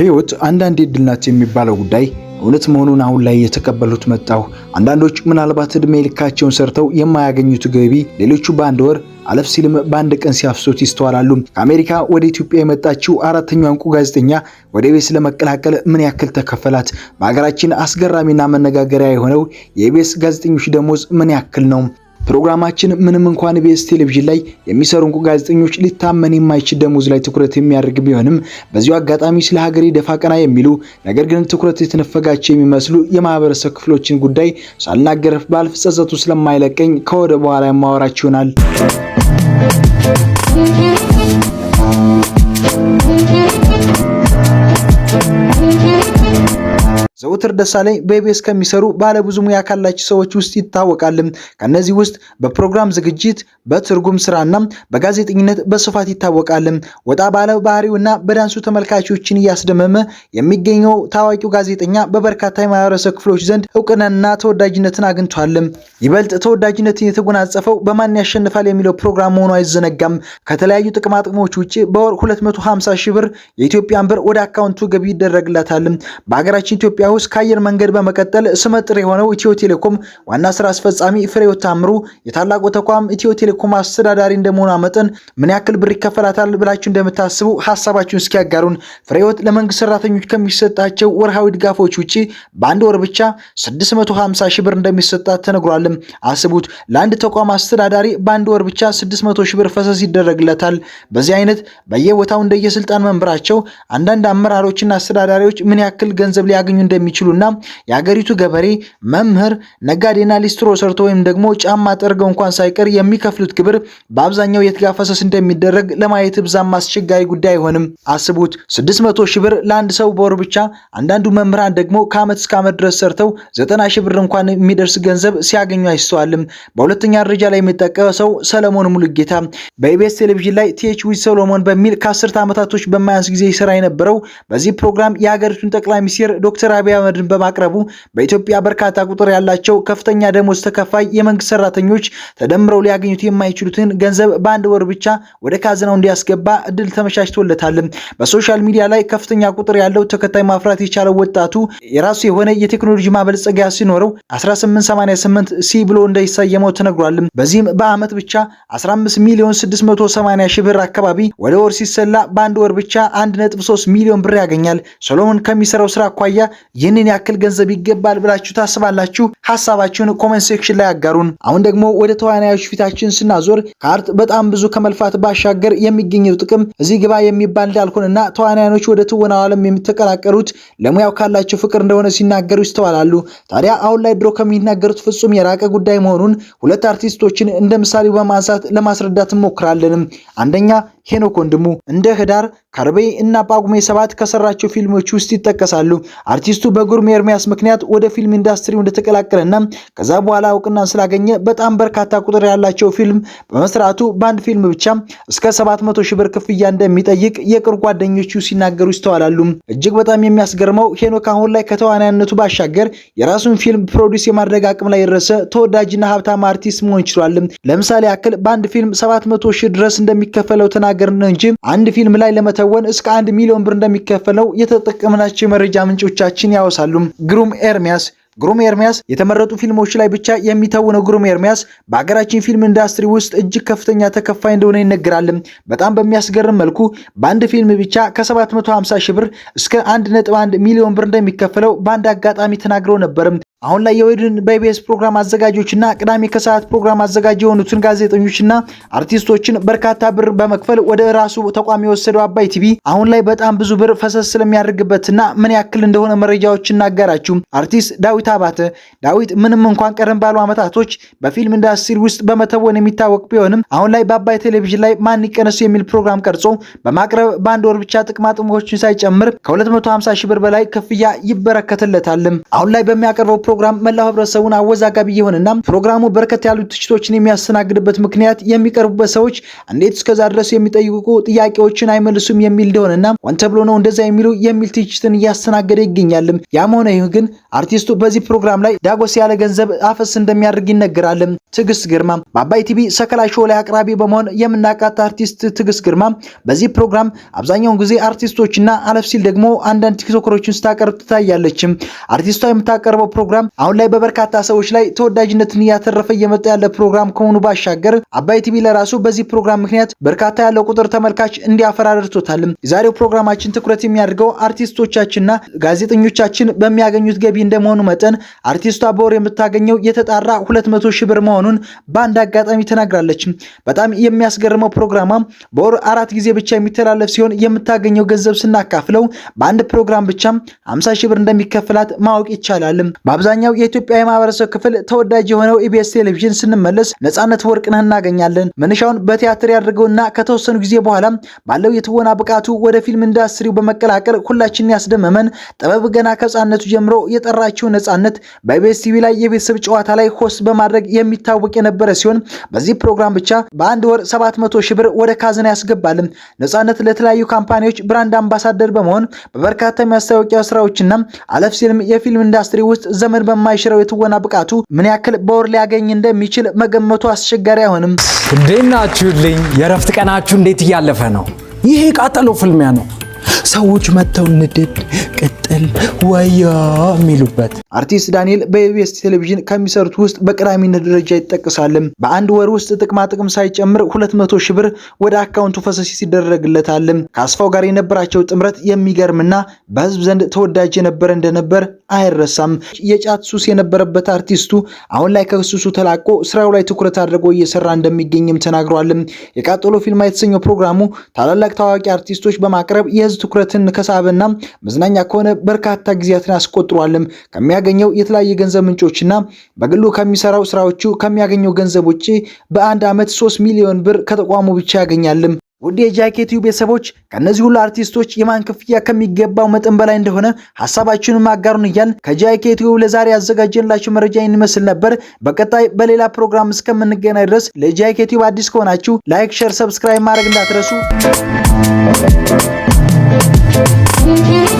ህይወት አንዳንዴ ዕድል ናት የሚባለው ጉዳይ እውነት መሆኑን አሁን ላይ የተቀበሉት መጣሁ። አንዳንዶች ምናልባት እድሜ ልካቸውን ሰርተው የማያገኙት ገቢ ሌሎቹ በአንድ ወር አለፍ ሲልም በአንድ ቀን ሲያፍሱት ይስተዋላሉ። ከአሜሪካ ወደ ኢትዮጵያ የመጣችው አራተኛው እንቁ ጋዜጠኛ ወደ ኢቢኤስ ለመቀላቀል ምን ያክል ተከፈላት? በሀገራችን አስገራሚና መነጋገሪያ የሆነው የኢቢኤስ ጋዜጠኞች ደሞዝ ምን ያክል ነው? ፕሮግራማችን ምንም እንኳን ኢቢኤስ ቴሌቪዥን ላይ የሚሰሩ እንቁ ጋዜጠኞች ሊታመን የማይችል ደሞዝ ላይ ትኩረት የሚያደርግ ቢሆንም በዚሁ አጋጣሚ ስለ ሀገሬ ደፋ ቀና የሚሉ ነገር ግን ትኩረት የተነፈጋቸው የሚመስሉ የማህበረሰብ ክፍሎችን ጉዳይ ሳልናገር ባልፍ ጸጸቱ ስለማይለቀኝ ከወደ በኋላ የማወራችሁ ይሆናል። ዘውትር ደሳለኝ በኢቢኤስ ከሚሰሩ ባለብዙ ሙያ ካላቸው ሰዎች ውስጥ ይታወቃል። ከእነዚህ ውስጥ በፕሮግራም ዝግጅት፣ በትርጉም ስራና በጋዜጠኝነት በስፋት ይታወቃል። ወጣ ባለ ባህሪውና በዳንሱ ተመልካቾችን እያስደመመ የሚገኘው ታዋቂው ጋዜጠኛ በበርካታ የማህበረሰብ ክፍሎች ዘንድ እውቅናና ተወዳጅነትን አግኝቷል። ይበልጥ ተወዳጅነትን የተጎናጸፈው በማን ያሸንፋል የሚለው ፕሮግራም መሆኑ አይዘነጋም። ከተለያዩ ጥቅማጥቅሞች ውጭ በወር 250 ሺህ ብር የኢትዮጵያን ብር ወደ አካውንቱ ገቢ ይደረግላታል። በሀገራችን ኢትዮጵያ ውስጥ ከአየር መንገድ በመቀጠል ስመጥር የሆነው ኢትዮ ቴሌኮም ዋና ስራ አስፈጻሚ ፍሬሕይወት ታምሩ የታላቁ ተቋም ኢትዮ ቴሌኮም አስተዳዳሪ እንደመሆኗ መጠን ምን ያክል ብር ይከፈላታል ብላችሁ እንደምታስቡ ሀሳባችሁን እስኪያጋሩን። ፍሬሕይወት ለመንግስት ሰራተኞች ከሚሰጣቸው ወርሃዊ ድጋፎች ውጭ በአንድ ወር ብቻ 650 ሺህ ብር እንደሚሰጣት ተነግሯልም። አስቡት፣ ለአንድ ተቋም አስተዳዳሪ በአንድ ወር ብቻ 600 ሺህ ብር ፈሰስ ይደረግለታል። በዚህ አይነት በየቦታው እንደየስልጣን መንበራቸው አንዳንድ አመራሮችና አስተዳዳሪዎች ምን ያክል ገንዘብ ሊያገኙ እንደሚ እንደሚችሉና የአገሪቱ ገበሬ፣ መምህር፣ ነጋዴና ሊስትሮ ሰርቶ ወይም ደግሞ ጫማ ጠርገው እንኳን ሳይቀር የሚከፍሉት ግብር በአብዛኛው የትጋ እንደሚደረግ ለማየት ብዛም አስቸጋሪ ጉዳይ አይሆንም። አስቡት 600 ሺህ ብር ለአንድ ሰው በወር ብቻ። አንዳንዱ መምህራን ደግሞ ከዓመት እስከ ዓመት ድረስ ሰርተው 90 ሺህ ብር እንኳን የሚደርስ ገንዘብ ሲያገኙ አይስተዋልም። በሁለተኛ ደረጃ ላይ የሚጠቀሰው ሰለሞን ሙሉጌታ በኢቢኤስ ቴሌቪዥን ላይ ቲኤች ዊዝ ሰሎሞን በሚል ከአስርተ ዓመታቶች በማያንስ ጊዜ ይሰራ የነበረው በዚህ ፕሮግራም የሀገሪቱን ጠቅላይ ሚኒስትር ዶክተር አብይ አብይ አህመድን በማቅረቡ በኢትዮጵያ በርካታ ቁጥር ያላቸው ከፍተኛ ደሞዝ ተከፋይ የመንግስት ሰራተኞች ተደምረው ሊያገኙት የማይችሉትን ገንዘብ በአንድ ወር ብቻ ወደ ካዝናው እንዲያስገባ እድል ተመቻችቶለታል። በሶሻል ሚዲያ ላይ ከፍተኛ ቁጥር ያለው ተከታይ ማፍራት የቻለው ወጣቱ የራሱ የሆነ የቴክኖሎጂ ማበልጸጊያ ሲኖረው 1888 ሲ ብሎ እንዳይሰየመው ተነግሯል። በዚህም በአመት ብቻ 15 ሚሊዮን 680 ሺህ ብር አካባቢ ወደ ወር ሲሰላ በአንድ ወር ብቻ 1.3 ሚሊዮን ብር ያገኛል። ሶሎሞን ከሚሰራው ስራ አኳያ ይህንን ያክል ገንዘብ ይገባል ብላችሁ ታስባላችሁ? ሀሳባችሁን ኮመንት ሴክሽን ላይ አጋሩን። አሁን ደግሞ ወደ ተዋናዮች ፊታችን ስናዞር ካርት በጣም ብዙ ከመልፋት ባሻገር የሚገኘው ጥቅም እዚህ ግባ የሚባል እንዳልሆነና ተዋናዮች ወደ ትወናው ዓለም የሚተቀላቀሉት ለሙያው ካላቸው ፍቅር እንደሆነ ሲናገሩ ይስተዋላሉ። ታዲያ አሁን ላይ ድሮ ከሚናገሩት ፍጹም የራቀ ጉዳይ መሆኑን ሁለት አርቲስቶችን እንደ ምሳሌ በማንሳት ለማስረዳት እንሞክራለንም። አንደኛ ሄኖክ ወንድሙ እንደ ህዳር፣ ከርቤ እና ጳጉሜ ሰባት ከሰራቸው ፊልሞች ውስጥ ይጠቀሳሉ። አርቲስቱ በግሩም ኤርሚያስ ምክንያት ወደ ፊልም ኢንዱስትሪው እንደተቀላቀለና ከዛ በኋላ እውቅናን ስላገኘ በጣም በርካታ ቁጥር ያላቸው ፊልም በመስራቱ በአንድ ፊልም ብቻ እስከ 700 ሺህ ብር ክፍያ እንደሚጠይቅ የቅርብ ጓደኞቹ ሲናገሩ ይስተዋላሉ። እጅግ በጣም የሚያስገርመው ሄኖክ አሁን ላይ ከተዋናይነቱ ባሻገር የራሱን ፊልም ፕሮዲስ የማድረግ አቅም ላይ የደረሰ ተወዳጅና ሀብታም አርቲስት መሆን ችሏል። ለምሳሌ ያክል በአንድ ፊልም 700 ሺህ ድረስ እንደሚከፈለው ተናገ ነው እንጂ አንድ ፊልም ላይ ለመተወን እስከ አንድ ሚሊዮን ብር እንደሚከፈለው የተጠቀምናቸው የመረጃ ምንጮቻችን ያወሳሉ። ግሩም ኤርሚያስ ግሩም ኤርሚያስ የተመረጡ ፊልሞች ላይ ብቻ የሚተውነው ግሩም ኤርሚያስ በሀገራችን ፊልም ኢንዱስትሪ ውስጥ እጅግ ከፍተኛ ተከፋይ እንደሆነ ይነገራል። በጣም በሚያስገርም መልኩ በአንድ ፊልም ብቻ ከ750 ሺህ ብር እስከ 1.1 ሚሊዮን ብር እንደሚከፈለው በአንድ አጋጣሚ ተናግረው ነበርም። አሁን ላይ የወድን በኢቢኤስ ፕሮግራም አዘጋጆችና ቅዳሜ ከሰዓት ፕሮግራም አዘጋጅ የሆኑትን ጋዜጠኞችና አርቲስቶችን በርካታ ብር በመክፈል ወደ ራሱ ተቋም የወሰደው አባይ ቲቪ አሁን ላይ በጣም ብዙ ብር ፈሰስ ስለሚያደርግበትና ምን ያክል እንደሆነ መረጃዎች እናጋራችሁ። አርቲስት ዳዊት አባተ ዳዊት ምንም እንኳን ቀደም ባሉ ዓመታቶች በፊልም ኢንዱስትሪ ውስጥ በመተወን የሚታወቅ ቢሆንም አሁን ላይ በአባይ ቴሌቪዥን ላይ ማን ይቀነሱ የሚል ፕሮግራም ቀርጾ በማቅረብ በአንድ ወር ብቻ ጥቅማጥቅሞችን ሳይጨምር ከ250 ሺህ ብር በላይ ክፍያ ይበረከትለታልም። አሁን ላይ በሚያቀርበው ፕሮግራም መላው ህብረተሰቡን አወዛጋቢ የሆነና ፕሮግራሙ በርከት ያሉ ትችቶችን የሚያስተናግድበት ምክንያት የሚቀርቡበት ሰዎች እንዴት እስከዛ ድረስ የሚጠይቁ ጥያቄዎችን አይመልሱም የሚል እንደሆነና ሆን ተብሎ ነው እንደዛ የሚሉ የሚል ትችትን እያስተናገደ ይገኛልም። ያም ሆነ ይህ ግን አርቲስቱ በዚህ ፕሮግራም ላይ ዳጎስ ያለ ገንዘብ አፈስ እንደሚያደርግ ይነገራልም። ትዕግስት ግርማ በአባይ ቲቪ ሰከላ ሾው ላይ አቅራቢ በመሆን የምናቃት አርቲስት ትግስት ግርማ በዚህ ፕሮግራም አብዛኛውን ጊዜ አርቲስቶችና አለፍ ሲል ደግሞ አንዳንድ ቲክቶከሮችን ስታቀርብ ትታያለችም። አርቲስቷ የምታቀርበው ፕሮግራም ፕሮግራም አሁን ላይ በበርካታ ሰዎች ላይ ተወዳጅነትን እያተረፈ እየመጣ ያለ ፕሮግራም ከሆኑ ባሻገር አባይ ቲቪ ለራሱ በዚህ ፕሮግራም ምክንያት በርካታ ያለው ቁጥር ተመልካች እንዲያፈራ አድርቶታልም። የዛሬው ፕሮግራማችን ትኩረት የሚያደርገው አርቲስቶቻችንና ጋዜጠኞቻችን በሚያገኙት ገቢ እንደመሆኑ መጠን አርቲስቷ በወር የምታገኘው የተጣራ 200 ሺህ ብር መሆኑን በአንድ አጋጣሚ ተናግራለች። በጣም የሚያስገርመው ፕሮግራማም በወር አራት ጊዜ ብቻ የሚተላለፍ ሲሆን የምታገኘው ገንዘብ ስናካፍለው በአንድ ፕሮግራም ብቻ 50 ሺህ ብር እንደሚከፍላት ማወቅ ይቻላልም። አብዛኛው የኢትዮጵያ የማህበረሰብ ክፍል ተወዳጅ የሆነው ኢቢኤስ ቴሌቪዥን ስንመለስ ነፃነት ወርቅነህ እናገኛለን። መነሻውን በቲያትር ያደርገውና ከተወሰኑ ጊዜ በኋላ ባለው የትወና ብቃቱ ወደ ፊልም ኢንዱስትሪው በመቀላቀል ሁላችንን ያስደመመን ጥበብ ገና ከህፃነቱ ጀምሮ የጠራችው ነፃነት በኢቢኤስ ቲቪ ላይ የቤተሰብ ጨዋታ ላይ ሆስት በማድረግ የሚታወቅ የነበረ ሲሆን በዚህ ፕሮግራም ብቻ በአንድ ወር 700 ሺህ ብር ወደ ካዝና ያስገባልም። ነፃነት ለተለያዩ ካምፓኒዎች ብራንድ አምባሳደር በመሆን በበርካታ የማስታወቂያ ስራዎችና አለፍ ሲልም የፊልም ኢንዱስትሪ ውስጥ ዘመ ዘመን በማይሽረው የትወና ብቃቱ ምን ያክል በወር ሊያገኝ እንደሚችል መገመቱ አስቸጋሪ አይሆንም። እንዴት ናችሁልኝ? የእረፍት ቀናችሁ እንዴት እያለፈ ነው? ይሄ ቃጠሎ ፍልሚያ ነው። ሰዎች መጥተው ንድድ ቅጥል ወያ የሚሉበት። አርቲስት ዳንኤል በኢቢኤስ ቴሌቪዥን ከሚሰሩት ውስጥ በቀዳሚነት ደረጃ ይጠቅሳልም። በአንድ ወር ውስጥ ጥቅማ ጥቅም ሳይጨምር 200 ሺህ ብር ወደ አካውንቱ ፈሰስ ሲደረግለታልም። ከአስፋው ጋር የነበራቸው ጥምረት የሚገርምና በህዝብ ዘንድ ተወዳጅ የነበረ እንደነበር አይረሳም። የጫት ሱስ የነበረበት አርቲስቱ አሁን ላይ ከሱሱ ተላቆ ስራው ላይ ትኩረት አድርጎ እየሰራ እንደሚገኝም ተናግሯልም። የቃጠሎ ፊልማ የተሰኘው ፕሮግራሙ ታላላቅ ታዋቂ አርቲስቶች በማቅረብ የህዝብ ትኩረት ትኩረትን ከሳበና መዝናኛ ከሆነ በርካታ ጊዜያትን አስቆጥሯልም። ከሚያገኘው የተለያየ ገንዘብ ምንጮችና በግሉ ከሚሰራው ስራዎቹ ከሚያገኘው ገንዘብ ውጭ በአንድ ዓመት 3 ሚሊዮን ብር ከተቋሙ ብቻ ያገኛልም። ውድ የጃኬቲዩ ቤተሰቦች ከእነዚህ ሁሉ አርቲስቶች የማን ክፍያ ከሚገባው መጠን በላይ እንደሆነ ሀሳባችሁንም አጋሩን እያል ከጃኬቲዩ ለዛሬ ያዘጋጀንላችሁ መረጃ ይመስል ነበር። በቀጣይ በሌላ ፕሮግራም እስከምንገናኝ ድረስ ለጃኬቲዩ አዲስ ከሆናችሁ ላይክ፣ ሸር፣ ሰብስክራይብ ማድረግ እንዳትረሱ። Thank you.